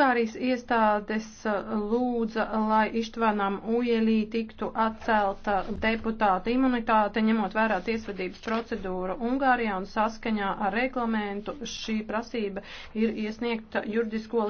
Ungārijas iestādes uh, lūdza, lai Ištvanam Ujelī tiktu atcelta deputāta imunitāte, ņemot vērā tiesvedības procedūru Ungārijā un saskaņā ar reglamentu šī prasība ir iesniegta juridisko līdzekļu.